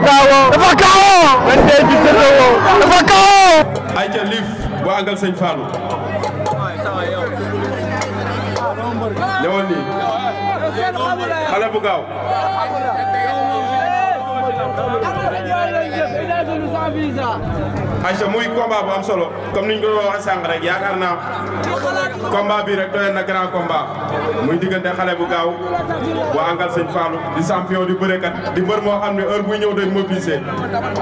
dafa kaawoo dafa kaawoo. benn tey bi tëddewoo. dafa kaawoo. ayca liif bu àggal sëñ Fallou. ñëwal nii. xale bu gaaw. ayca muy combat bu am solo comme niñ ko doon waxee sànq rek yaakaar naa combat bi rek doy na grand combat muy diggante xale bu gaaw bu àngal sëñ Fallou di champion di bërekat di mbër moo xam ne heure buy ñëw day mobilisé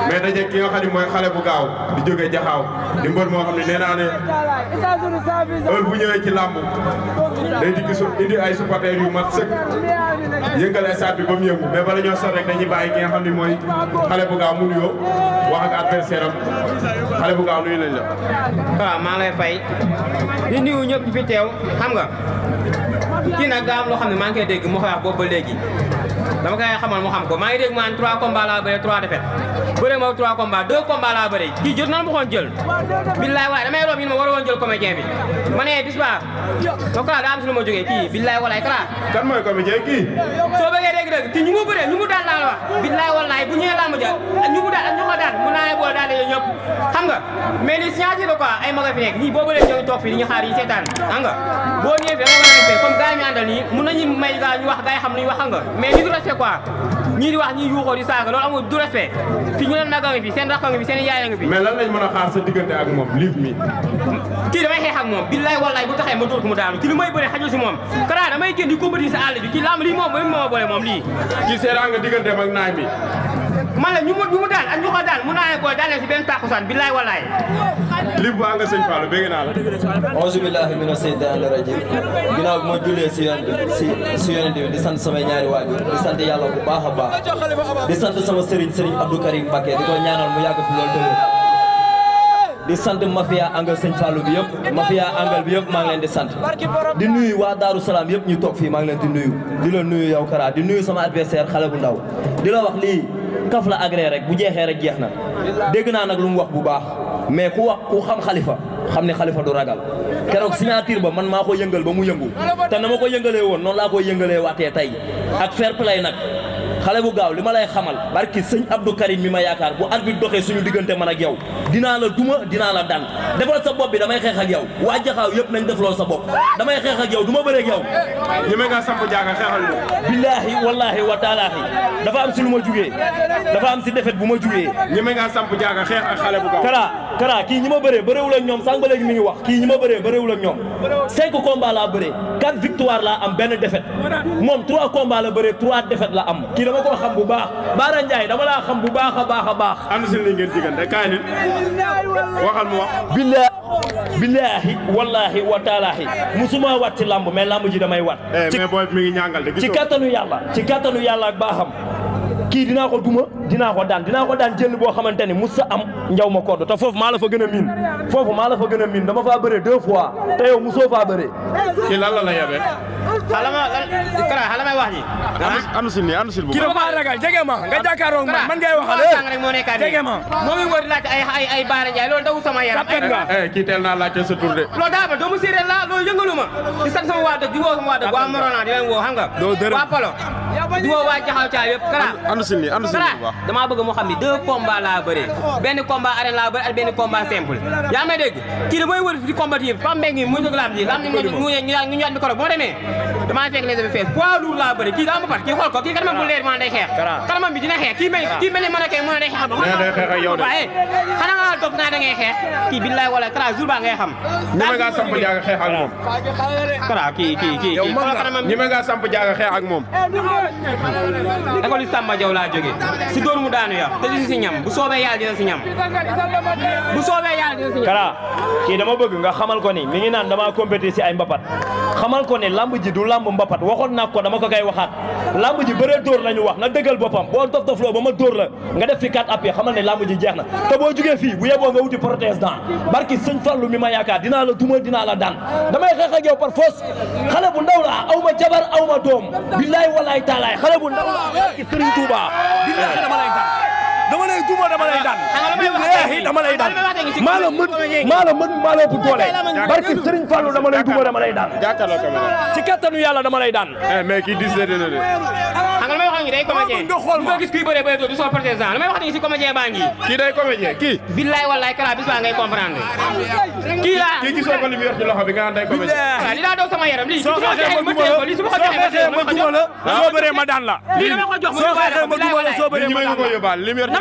mais daje ki nga xam mooy xale bu gaaw di jóge jaxaaw di mbër moo xam ne nee naa ne heure bu ñëwee ci làmb day dikk su indi ay supporters yu mat sëkk yëngale stade bi ba mu yëngu mais bala sot rek dañuy bàyyi ki nga xam ne mooy xale bu gaaw mu nuyoo wax ak adversaire am xale bu gaaw nuyu nañ la. waaw maa lay fay di nuyu ñëpp fi teew xam nga kii na daa am xam ne maa ngi koy dégg mu wax boobu ba léegi dama koy xamal mu xam ko maa ngi dégg mu naan 3 combats laa bëre 3 bëre ma trois combats deux combats laa bëri kii jot nan ma xoon jël billaay walaay damay room yi ma war woon jël comédien ma ne bis baa ma kara daa am kii billaay walaay kara kan mooy comédien kii soo bëggee dégg dëgg kii ñu mu bëree ñu mu daan billaay walaay bu ñëwee làmb ja ñu mu daan ak ñu ko daan mun naa boole daal yooyu ñëpp xam nga mais li science la quoi fi nekk ñii boo ñu xaar seetaan xam boo ñëwee fi dama mën a wax gars xam lu ñu wax xam nga mais ñu ñii wax ñii yuuxoo di saaga loolu amul du respect fi ñu ne nag a ngi fi seen rakk a ngi fi seen yaay a lan lañ mën a xaar sa ak moom liif mi. kii damay xeex ak moom billaay wallaay bu taxee ma dóor mu daanu ci li may moom kara damay génn di compétir sa àll bi lii moom mooy moom lii. kii seeraan nga digganteem naay mi man la ñu mu ñu mu daan ak ñu ko daan mun naa leen booy daanee si benn tàkkusaan billaay walaay. lim bu àgg sëñ Fallou naa la. auzu billahi mina seytaani rajim ginnaaw bi ma jullee si yoon bi si di sant samay ñaari waajur di sant yàlla bu baax a baax di sant sama sëriñ sëriñ Abdou Karim Mbacké di ko ñaanal mu yàgg fi loolu tamit. di sant mafia angal sëñ Fallou bi yëpp mafia angal bi yëpp maa ngi leen di sant di nuyu waa Daaru Salaam yëpp ñu toog fii maa ngi leen di nuyu di la nuyu yow Kara di nuyu sama adversaire xale bu ndaw di la wax lii kaf la agré rek bu jeexee rek jeex na dégg naa nag lu mu wax bu baax mais ku wax ku xam xalifa xam ne xalifa du ragal keroog signature ba man maa ko yëngal ba mu yëngu te na ma ko yëngalee woon noonu laa ko yëngalee waatee tey ak fair play nag xale bu gaaw li ma lay xamal barki sëñ Abdou Karim mi ma yaakaar bu arbitre doxee suñu diggante man ak yow dinaa la duma dinaa la dan defal sa bopp bi damay xeex ak yow waa jaxaaw yëpp nañ def loolu sa bopp damay xeex ak yow du ma bëreeg yow ñeme nga samp jaaga xeexal ma billaahi wallaahi wa dafa am si lu ma jugee dafa am si defet bu ma jugee ñeme nga samp jaaga xeex xale bu gaaw kara kii ñi ma bëree bëréewul ak ñoom sànq ba wax kii ñi ma bëree bëréewul ak ñoom cinq combats benn defet moom trois combats la la dama ko xam bu baax Baara Ndiaye dama laa xam bu baax a baax a baax. am na si li ngeen diggante kaay nit waxal mu wax. billa billaahi wallaahi wa taalaahi musuma wat ci lamb mais lamb ji damay wat. Eh, ci mais booy mi ngi ñàngal de. ci kattanu yàlla ci kattanu yàlla ak baaxam. kii dinaa ko duma dinaa ko daan dinaa ko daan jël boo xamante ni mus sa am njaw ma kodd te foofu maa la fa gën a miin foofu maa la fa gën a miin dama faa bëree deux fois yow musoo faa bëree. kii lan la la i xala ma Kara xala may wax ji. anu si nii anu si bu kii dafa ragal jege ma nga jàkkaaroog man man ngay waxal. Kara rek jege ma. moom mi ngi wër laajte ay ay ay loolu daw sama yaram. kapet kii teel naa laajte sa tur de. loolu daa ba doomu séeréer la loolu yëngalu ma di sant sama waa dëkk di woo sama waa dëkk waa Morona di leen du ma waa jaxaw caa yëpp kara andu si nii andu si nii bu baax damaa bëgg mu xam ni deux benn combat arène laa bëree benn combat simple yaa may dégg kii da mooy wër fi di combattre pam mbéy mi muy dëgg laam ji laam ñu ñu ñëwaat micro bu ma demee damaa fekk les fees poids lourd laa bëri kii daa ma pat kii kii kanamam bu leer maa day xeex kanamam bi dina xeex kii mel kii mel ni mën a kay mën a day xeex kii billaay wala kara jour baa ngay xam ma ngaa samp école Samba Diaw laa jógee si dóor mu daanu yar si si ñam bu soobee yàlla dina si ñam bu soobee yàlla dina si ñam. Kara kii dama bëgg nga xamal ko ni mi ngi naan damaa compété si ay mbapat xamal ko ne lamb ji du lamb mbapat waxoon naa ko dama ko kay waxaat lamb ji la ñu wax na dëggal boppam boo dof loo ba ma dóor la nga def fi quatre appels xamal ne lamb ji na te boo jugee fii bu yeboo nga wuti protestant barki sëñ Fallou mi ma yaakaar dinaa la duma dinaa la daan damay xeex ak yow par force xale bu wallaahi xale bu ndaw la ci Serigne Touba. billaahi dama lay daan dama lay duma dama lay daan. billaahi dama lay daan maa la mën maa la mën maa la ëpp doole. barki Serigne Fallou dama lay duma daan. ci kattanu yàlla dama lay daan. Eh, mais kii dis ngi day comédien nga gis kuy bëree bëree doo du son partisan lu may wax ni si comédien baa ngi kii day comédien kii billaay wallaay kala bis baa ngay comprendre kii laa kii gisoo ko soo xeexee ma duma soo bëree ma daan la soo xeexee ma duma soo bëree ma daan la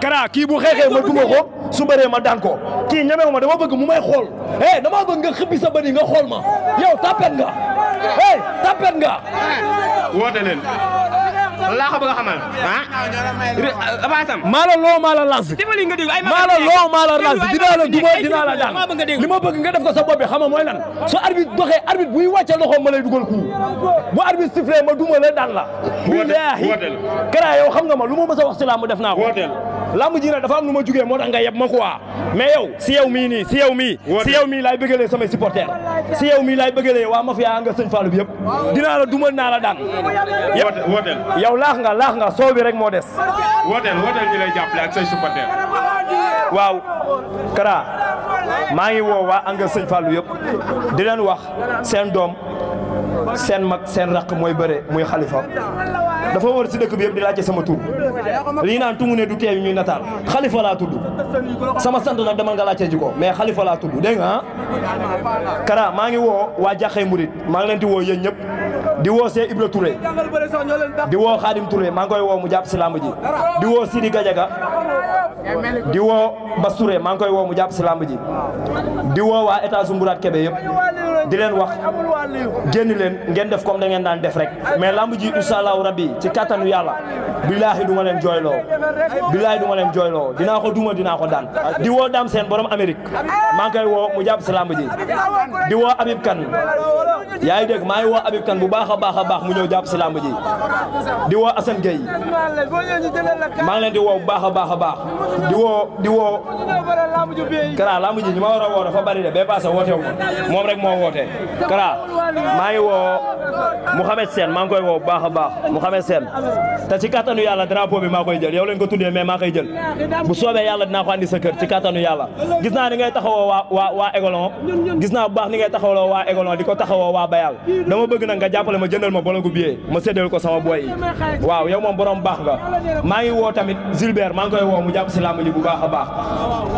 kara kii xeexee ma duma ko su ma daan ko kii ñamewu ma dama bëgg mu may xool eh dama bëgg nga xëppi sa bëri nga xool ma yow tapet nga eh tapet nga woote leen. laa ko bëgg a xamal ah. abaasam. maa la loo maa la lans. dimbali nga déglu maa la loo maa la lans dinaa la duma dinaa la daan li ma bëgg nga def ko sa bopp bi xam nga mooy lan. su arbitre doxee arbitre buy wàcce loxoom ma lay dugal kuu bu arbitre sifflé ma duma la daan la. woote woote la bilaahi. yow xam nga ma lu ma mës a wax si laa def naa ko. lamb ji nag dafa am lu ma jugee moo tax nga yeb ma quoi mais yow si yow mii nii si yow mii si yow mii laay bëggalee samay supporters si yow mii laay bëggalee waa mafia nga sëñ Fallou yëpp dinaa la dumal naa la daan wooteel yow laax nga laax nga soobi rek moo des wooteel wooteel ñi lay jàppale ak say supporters waaw Kara maa ngi woo waa anga sëñ Fallou yëpp di leen wax seen doom seen mag seen raq mooy bëre muy xalifa dafa wër si dëkk bi yëpp di laajte sama tur lii naan tungu ne du teew ñuy nataal xalifa laa tudd sama sant nag dama nga laajte ji ko mais xalifa laa tudd dégg nga ah? kara maa ngi woo waa jaxee murit maa ngi leen di woo yéen ñëpp di wo see Ibra Touré di wo Khadim Touré maa ngi koy mu japp si ji di wo Sidi Gadiaga di wo Bass Touré maa ngi koy mu japp salam ji di woo waa état Sumburaat kebe yeb di len wax genn len ngeen def comme da ngeen dan def rek mais lamb ji inshallah rabbi ci katanu yalla billahi duma len joylo billahi duma len joylo dina ko duma dina ko dan di wo dam sen borom amerique maa koy mu japp salam ji di wo Habib kan yaa ngi dégg maa ngi woo Habib Kane bu baax a baax a baax mu ñëw jàpp si làmb ji di woo Assane maa ngi leen di woo bu baax a baax a baax di woo di woo Kara làmb ji ñu ma war a woo dafa bari de bee paase woote wu moom rek moo woote Kara maa ngi woo Mouhamed Sène maa ngi koy woo bu baax a baax Mouhamed Sène te ci kattanu yàlla drapeau bi maa ko jël yow lañ ko tuddee mais maa koy jël bu soobee yàlla dina ko andi sa kër ci kattanu yàlla gis naa ni ngay taxawoo waa bu baax ni ngay taxawoo waa Egolon di ko taxawoo waa Bayal dama bëgg nag nga jàppale ma jëndal ma bologu billet ma séddale ko sama boy yi waaw yow moom borom baax nga maa ngi woo tamit Gilbert maa ngi koy woo mu jàpp si làmb ji bu baax a baax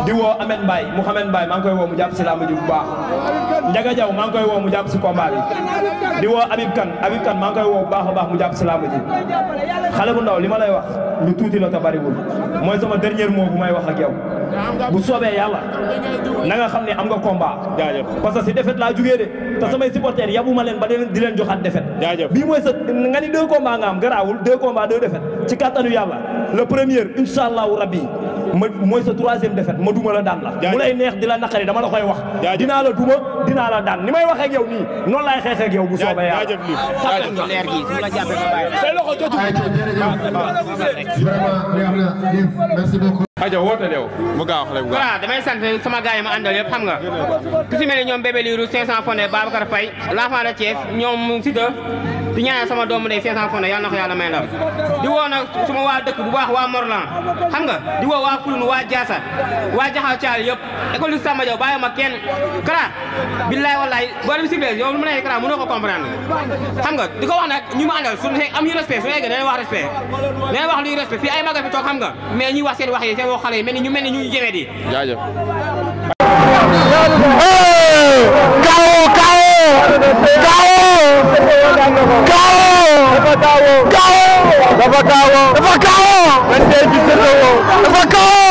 di woo Amet Mbaye Mouhamed Mbaye maa ngi koy woo mu jàpp si làmb ji bu baax Njaga Jaw maa ngi koy woo mu jàpp si combat bi di woo Habib kan Habib Kane maa ngi koy woo baax a baax mu jàpp si làmb ji xale bu ndaw li ma lay wax lu tuuti la te bariwul mooy sama dernier mot bu may wax ak yow bu sobe yalla na nga xam am nga combat jaajëf parce que ci defet la jugué dé te samay supporter yabuma len ba di len joxat defet jaajëf bi moy sa nga ni deux combat nga am deux combat deux defet ci yalla le premier inshallah rabbi ma mooy sa troisième défaite ma duma la daan la mu lay neex di la naqari dama la koy wax dinaa la duma dinaa la daan ni may wax ak yow nii noonu laay xeex ak yow bu soobee yàlla damay sant sama gars àndal yëpp xam nga ku si mel ne ñoom bébé liiru 500 fondé Babacar Faye l'enfant de Thiès ñoom Siteu di ñaanal sama doomu ndey 500 fond yàlla na ko yàlla may ndam di woo nag suma waa dëkk bu baax waa Morlan xam nga di woo waa Fulun waa Jaasa waa Jaxaw Caal yëpp école Louga Samba Diaw bàyyi ma kenn Kara billaay wallaay boo dem ciblé yow mu ne Kara mënoo ko comprendre xam nga di ko wax na ñu ma àndal su am ñu respect su nekkee dañuy wax respect dañuy wax luy respect fii ay maga fi toog xam nga mais ñuy wax seen wax yi seen xale yi mel ni ñu mel ni ñu jëwee di Kaawo. Kaawo. dafa Kaawo. dafa Kaawo. dafa Kaawo.